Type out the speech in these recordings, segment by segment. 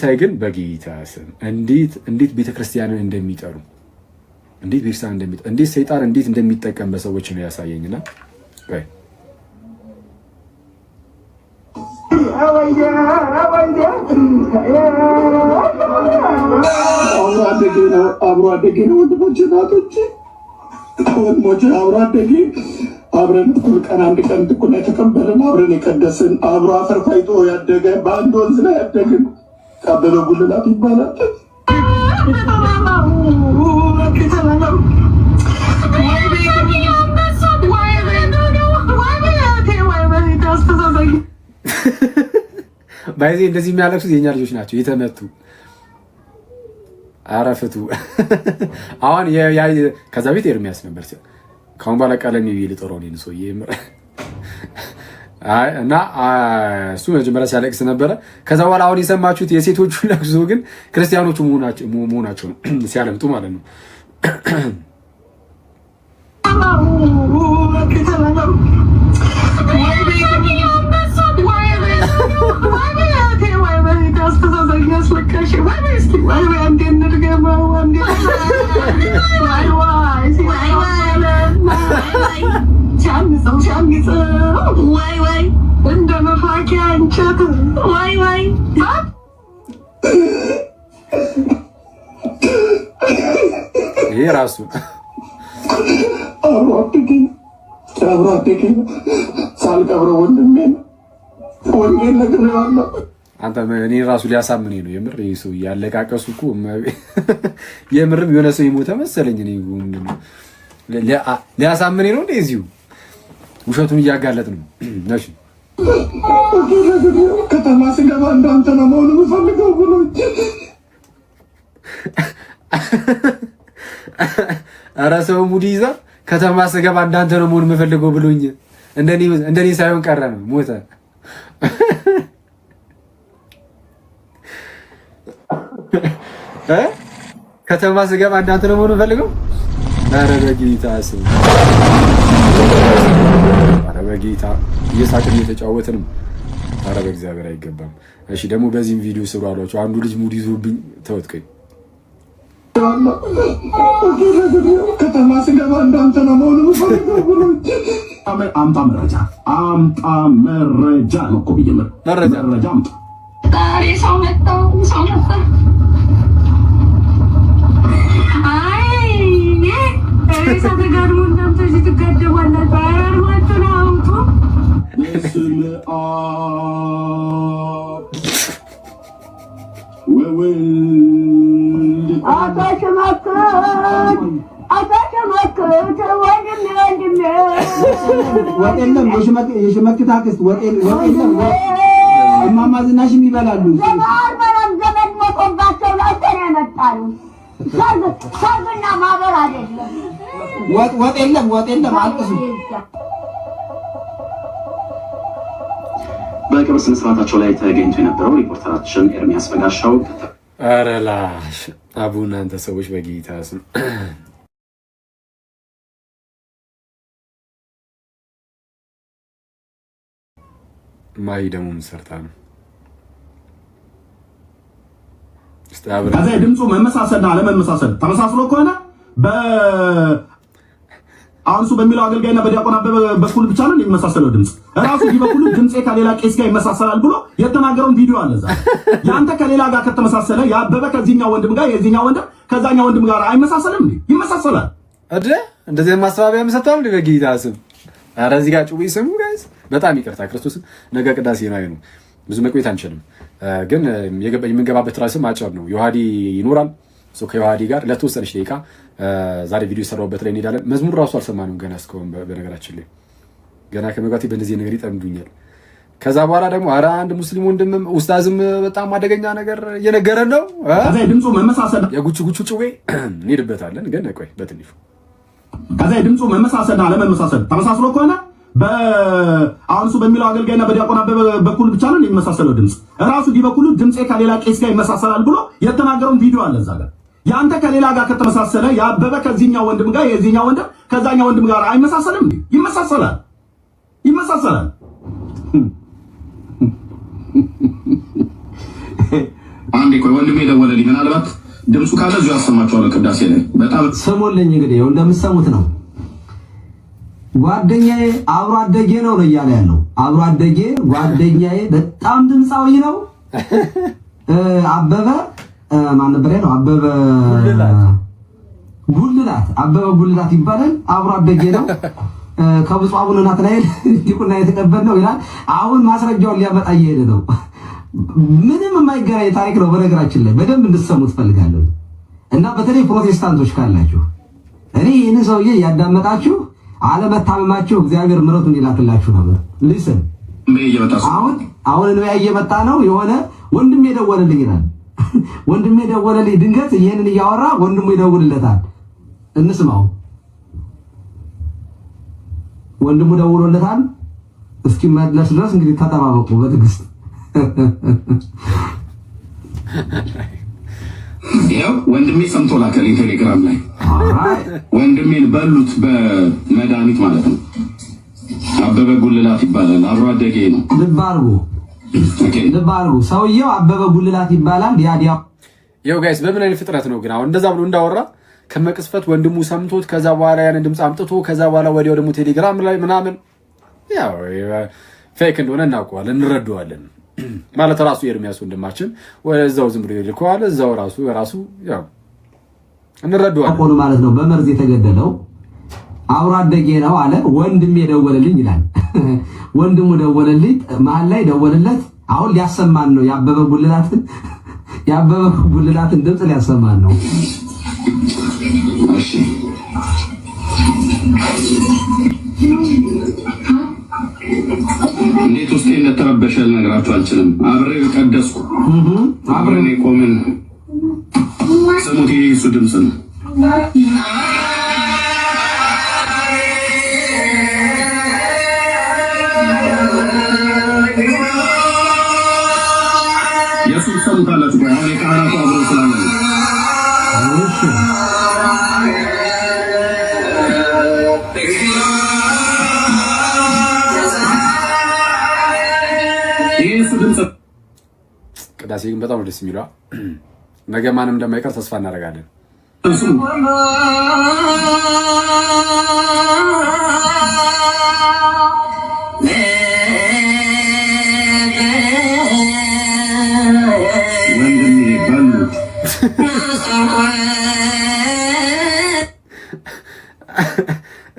ሳይ ግን በጌታ ስም እንዴት እንዴት ክርስቲያንን እንደሚጠሩ እንዴት ቤተክርስቲያን እንደሚጠ እንዴት ሰይጣን እንዴት እንደሚጠቀም በሰዎች ነው ያሳየኝና አብሮ አደጌ ነው ወንድሞች፣ እናቶች፣ ወንድሞች አብሮ አደጌ አብረን ጥቁር ቀን አንድ ቀን እኩል የተቀበልን አብረን የቀደስን አብሮ አፈር ፋይቶ ያደገ በአንድ ወንዝ ላይ ያደግን ታደለ ጉልላት ይባላል። ባይዜ እንደዚህ የሚያለቅሱት የኛ ልጆች ናቸው የተመቱ። አረፍቱ አሁን ከዛ ቤት ኤርሚያስ ነበር። ከአሁን በኋላ ቀለም ይልጠሮ ነው ሰውዬ እና እሱ መጀመሪያ ሲያለቅስ ነበረ። ከዛ በኋላ አሁን የሰማችሁት የሴቶቹ ለቅሶ ግን ክርስቲያኖቹ መሆናቸው ነው ሲያለምጡ ማለት ነው። ይሄ ራሱ አብሮ አደገኝ አብሮ አደገኝ ሳልቀብረው ወንድሜ ወንጌል ነግሬዋለሁ። አንተ እኔ ራሱ ሊያሳምን ነው የምር ይህ ሰው ያለቃቀሱ እኮ የምርም የሆነ ሰው የሞተ መሰለኝ። እኔ ሊያሳምን ነው እንደ ውሸቱን እያጋለጥ ነው። እሺ ከተማ ስገባ እንዳንተ ነው መሆኑ ፈልገው ብሎ ኧረ ሰው ሙድ ይዛ ከተማ ስገባ እንዳንተ ነው መሆን የምፈልገው ብሎኝ እንደኔ ሳይሆን ቀረ ነው ሞተ። ከተማ ስገባ እንዳንተ ነው መሆን የምፈልገው። ኧረ በጌታ ስም፣ ኧረ በጌታ እየሳቅን እየተጫወትንም ኧረ በእግዚአብሔር አይገባም። እሺ ደግሞ በዚህም ቪዲዮ ስሩ አሏቸው። አንዱ ልጅ ሙድ ይዞብኝ ተወጥቀኝ ከተማ ስገባ እንዳንተ ነው መሆኑ አምጣ መረጃ አምጣ መረጃ ነው እኮ ብዬ መረጃ መረጃ አምጣ ሰው መጣ ሰው መጣ ተጋድሞ ወጥ የለም። የሸመክት አክስት ወጥ እማማ ዝናሽም ይበላሉ። ዘመድ ሞቶባቸው ወጥ የለም። ወጥ የለም። አልቅሱ። በቀብር ስነ ስርዓታቸው ላይ ተገኝቶ የነበረው ሪፖርተራችን ኤርሚያስ በጋሻው። ኧረ ላሽ አቡናንተ ሰዎች በጌታ ስም ማይ ደግሞ ምሰርታ ሰርታ ነው? ከዛ የድምፁ መመሳሰልና አለመመሳሰል ተመሳስሎ ከሆነ በአንሱ በሚለው አገልጋይና በዲያቆን አበበ በኩል ብቻ ነው የሚመሳሰለው ድምፅ። ራሱ በኩሉ ድምፄ ከሌላ ቄስ ጋር ይመሳሰላል ብሎ የተናገረውን ቪዲዮ አለ። እዛ የአንተ ከሌላ ጋር ከተመሳሰለ የአበበ ከዚህኛው ወንድም ጋር የዚህኛው ወንድም ከዛኛው ወንድም ጋር አይመሳሰልም? ይመሳሰላል። እንደዚህ ማስተባበያ መሰጥቷል። በጌታ ስም እዚህ ጋር ጩቡ ስሙ ጋይስ በጣም ይቅርታ ክርስቶስን ነገ ቅዳሴ ነው ነው። ብዙ መቆየት አንችልም፣ ግን የምንገባበት ራስም አጭር ነው። ዮሐዲ ይኖራል። ከዮሐዲ ጋር ለተወሰነች ደቂቃ ዛሬ ቪዲዮ የሰራሁበት ላይ እንሄዳለን። መዝሙር ራሱ አልሰማንም ገና እስከሆን በነገራችን ላይ ገና ከመግባቴ በእንደዚህ ነገር ይጠምዱኛል። ከዛ በኋላ ደግሞ ኧረ አንድ ሙስሊም ወንድምም ኡስታዝም በጣም አደገኛ ነገር እየነገረን ነው። ድምፁ መመሳሰል የጉቹ ጉቹ ጭዌ እንሄድበታለን፣ ግን ቆይ በትንሹ ከዛ ድምፁ መመሳሰል አለመመሳሰል ተመሳስሎ ከሆነ በአንሱ በሚለው አገልጋይና በዲያቆን አበበ በኩል ብቻ ነው የሚመሳሰለው ድምፅ። ራሱ ዲበኩሉ በኩሉ ከሌላ ቄስ ጋር ይመሳሰላል ብሎ የተናገረውን ቪዲዮ አለ እዛ ጋር። ያንተ ከሌላ ጋር ከተመሳሰለ የአበበ ከዚህኛው ወንድም ጋር የዚህኛው ወንድም ከዛኛው ወንድም ጋር አይመሳሰልም? ይመሳሰላል፣ ይመሳሰላል። አንዴ ቆይ ወንድሜ ደወለልኝ። ምናልባት ድምፁ ካለ እዚሁ ያሰማችኋለሁ። ቅዳሴ ላይ በጣም ስሙልኝ። እንግዲህ እንደምትሰሙት ነው ጓደኛዬ አብሮ አደጌ ነው ነው እያለ ያለው አብሮ አደጌ ጓደኛዬ በጣም ድምፃዊ ነው። አበበ ማን ነበር ያለው? አበበ ጉልላት፣ አበበ ጉልላት ይባላል። አብሮ አደጌ ነው። ከብፁዕ አቡነ ናትናኤል ዲቁና የተቀበል ነው ይላል። አሁን ማስረጃውን ሊያመጣ እየሄደ ነው። ምንም የማይገናኝ ታሪክ ነው። በነገራችን ላይ በደንብ እንድትሰሙ ትፈልጋለሁ እና በተለይ ፕሮቴስታንቶች ካላችሁ እኔ ይህን ሰውዬ እያዳመጣችሁ አለመታመማችሁ እግዚአብሔር ምሕረቱ እንዲላክላችሁ ነበር። ሊስን አሁን አሁን ነው እየመጣ ነው። የሆነ ወንድም የደወለልኝ ይላል። ወንድም የደወለልኝ ድንገት ይሄንን እያወራ ወንድሙ ይደውልለታል። እንስማው። ወንድሙ ደውሎለታል። እስኪ እስኪመለስ ድረስ እንግዲህ ተጠባበቁ በትዕግስት ይኸው ወንድሜ ሰምቶ ላከልኝ ቴሌግራም ላይ ወንድሜን በሉት በመድኃኒት ማለት ነው። አበበ ጉልላት ይባላል። አብሮ አደጌ ነው። ልብ አድርጎ ልብ ሰውየው አበበ ጉልላት ይባላል። ያዲያ ይኸው ጋይስ፣ በምን አይነት ፍጥረት ነው ግን አሁን እንደዛ ብሎ እንዳወራ ከመቅስፈት ወንድሙ ሰምቶት ከዛ በኋላ ያንን ድምፅ አምጥቶ ከዛ በኋላ ወዲያው ደግሞ ቴሌግራም ላይ ምናምን ያው ፌክ እንደሆነ እናውቀዋለን፣ እንረዳዋለን። ማለት ራሱ የኤርሚያስ ወንድማችን ወደዛው ዝም ብሎ ይልከዋል። እዛው ራሱ ራሱ ያው እንረዳዋለን ማለት ነው። በመርዝ የተገደለው አብሮ አደጌ ነው አለ። ወንድም የደወለልኝ ይላል። ወንድሙ ደወለልኝ፣ መሀል ላይ ደወለለት። አሁን ሊያሰማን ነው ያበበ ጉልላትን ያበበ ጉልላትን ድምፅ ሊያሰማን ነው። እሺ እንዴት ውስጤ እንደተረበሸ ልነግራችሁ አልችልም። አብሬ ቀደስኩ፣ አብሬ የቆምን ስሙት፣ የሱ ድምፅ ነው። የሱ ሰሙት አላችሁ አሁን የቃና እንቅስቃሴ ግን በጣም ደስ የሚለዋ ነገ ማንም እንደማይቀር ተስፋ እናደርጋለን።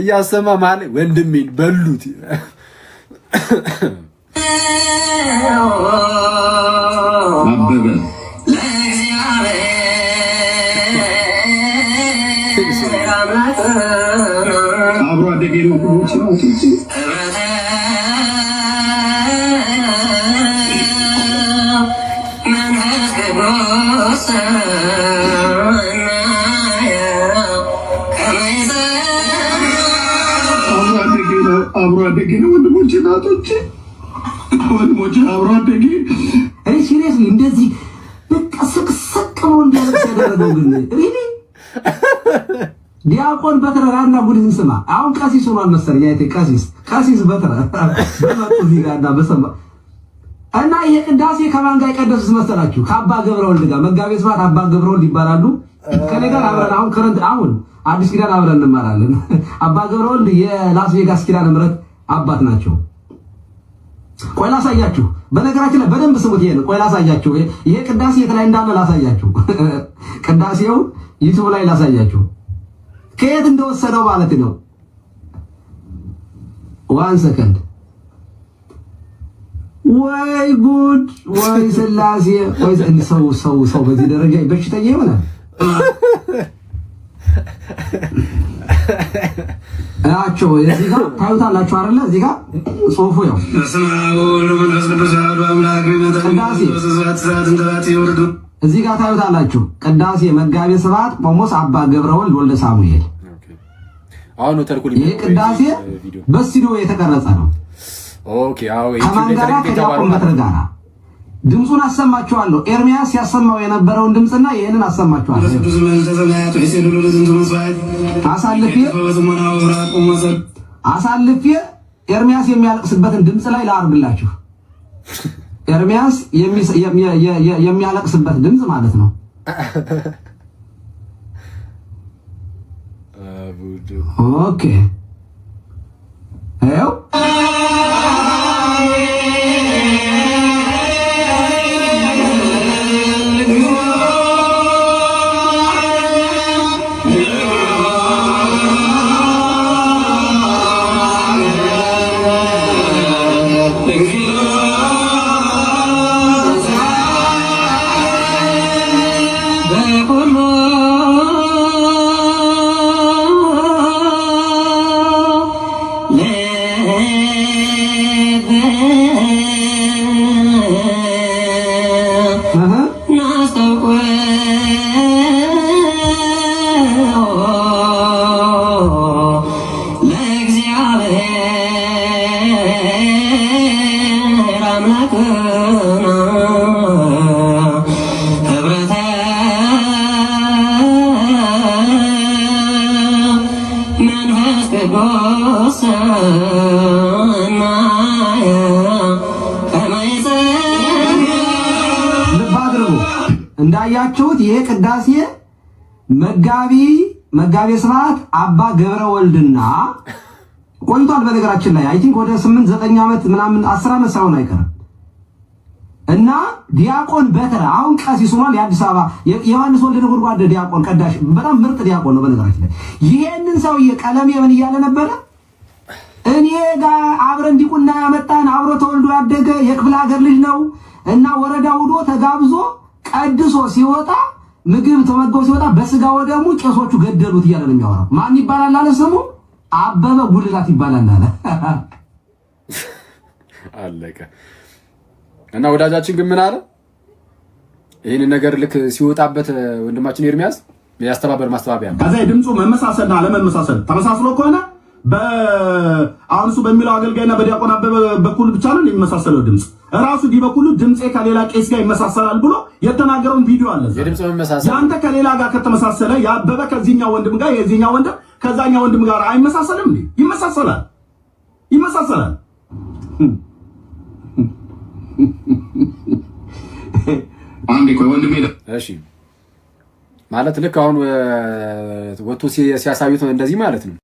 እያሰማ ማለ ወንድሜን በሉት moving. አብሮ አደጌ ነው ቁሞች ነው ትንሽ አብሮ አደጌ ነው ወንድሞች ናቶች ወንድሞች አብሮ አደጌ ሲሪየስሊ እንደዚህ በቃ ስቅስቅ ብሎ እንዲያለቅስ ያደረገው ግን ሪሊ ዲያቆን በትረ ራና ጉድህን ስማ። አሁን ቀሲስ ሆኗል መሰለኝ አይቴ ቀሲስ ቀሲስ በትረ በመጡ እዚህ ጋር እና በሰማ እና ይሄ ቅዳሴ ከማን ጋር የቀደሱት መሰላችሁ? ከአባ ገብረወልድ ጋር መጋቤ ስብሐት አባ ገብረወልድ ይባላሉ። ከኔ ጋር አብረን አሁን ክረንት አሁን አዲስ ኪዳን አብረን እንማራለን። አባ ገብረወልድ የላስ ቬጋስ ኪዳነ ምሕረት አባት ናቸው። ቆይ ላሳያችሁ። በነገራችን ላይ በደንብ ስሙት። ይሄን ቆይ ላሳያችሁ። ይሄ ቅዳሴ የት ላይ እንዳለ ላሳያችሁ። ቅዳሴው ዩቱብ ላይ ላሳያችሁ፣ ከየት እንደወሰደው ማለት ነው። ዋን ሰከንድ። ወይ ጉድ! ወይ ስላሴ! ወይ ሰው ሰው ሰው በዚህ ደረጃ በሽተኛ ይሆናል። እያቸው እዚህ ጋር ታዩታላችሁ አይደለ? እዚህ ጋር ጽሁፉ ያው እዚህ ጋር ታዩታላችሁ። ቅዳሴ መጋቤ ስብሐት ጳጳስ አባ ገብረወልድ ወልደ ሳሙኤል። ይህ ቅዳሴ በስቱዲዮ የተቀረጸ ነው። ኦኬ ከማን ጋራ? ከዲያቆን በትር ጋራ ድምፁን አሰማችኋለሁ። ኤርሚያስ ያሰማው የነበረውን ድምፅና ይህንን አሰማችኋለሁ። አሳልፌ ኤርሚያስ የሚያለቅስበትን ድምፅ ላይ ላርግላችሁ። ኤርሚያስ የሚያለቅስበት ድምፅ ማለት ነው። ኦኬ ው the way. እንዳያችሁት ይሄ ቅዳሴ መጋቢ መጋቢ ስብሐት አባ ገብረ ወልድና ቆይቷል። በነገራችን ላይ አይ ቲንክ ወደ 8 9 ዓመት ምናምን 10 ዓመት ሳይሆን አይቀርም እና ዲያቆን በትረ አሁን ቀሲስ ሆኗል። የአዲስ አበባ የዮሐንስ ወልድ ነጎድጓድ ዲያቆን ቀዳሽ፣ በጣም ምርጥ ዲያቆን ነው። በነገራችን ላይ ይሄንን ሰውዬ ቀለም የምን እያለ ነበረ እኔ ጋር አብረን ዲቁና ያመጣን አብሮ ተወልዶ ያደገ የክፍለ ሀገር ልጅ ነው እና ወረዳ ውዶ ተጋብዞ ቀድሶ ሲወጣ ምግብ ተመገው ሲወጣ በስጋ ወደሙ ቄሶቹ ገደሉት እያለ ነው የሚያወራው። ማን ይባላል አለ ስሙ አበበ ጉልላት ይባላል አለ። አለቀ እና ወዳጃችን ግን ምን አለ? ይህንን ነገር ልክ ሲወጣበት ወንድማችን ኤርሚያስ ያስተባበር ማስተባበያ ከዛ የድምፁ መመሳሰል አለመመሳሰል ተመሳስሎ ከሆነ በአንሱ በሚለው አገልጋይና በዲያቆን አበበ በኩል ብቻ ነው የሚመሳሰለው ድምፅ። ራሱ ዲበኩሉ ድምፄ ከሌላ ቄስ ጋር ይመሳሰላል ብሎ የተናገረውን ቪዲዮ አለ። የአንተ ከሌላ ጋር ከተመሳሰለ የአበበ ከዚህኛው ወንድም ጋር የዚህኛው ወንድም ከዛኛ ወንድም ጋር አይመሳሰልም? ይመሳሰላል፣ ይመሳሰላል። አንዴ ቆይ ወንድሜ። እሺ ማለት ልክ አሁን ወጥቶ ሲያሳዩት እንደዚህ ማለት ነው።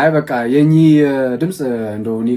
አይ በቃ የኚህ ድምፅ እንደው እኔ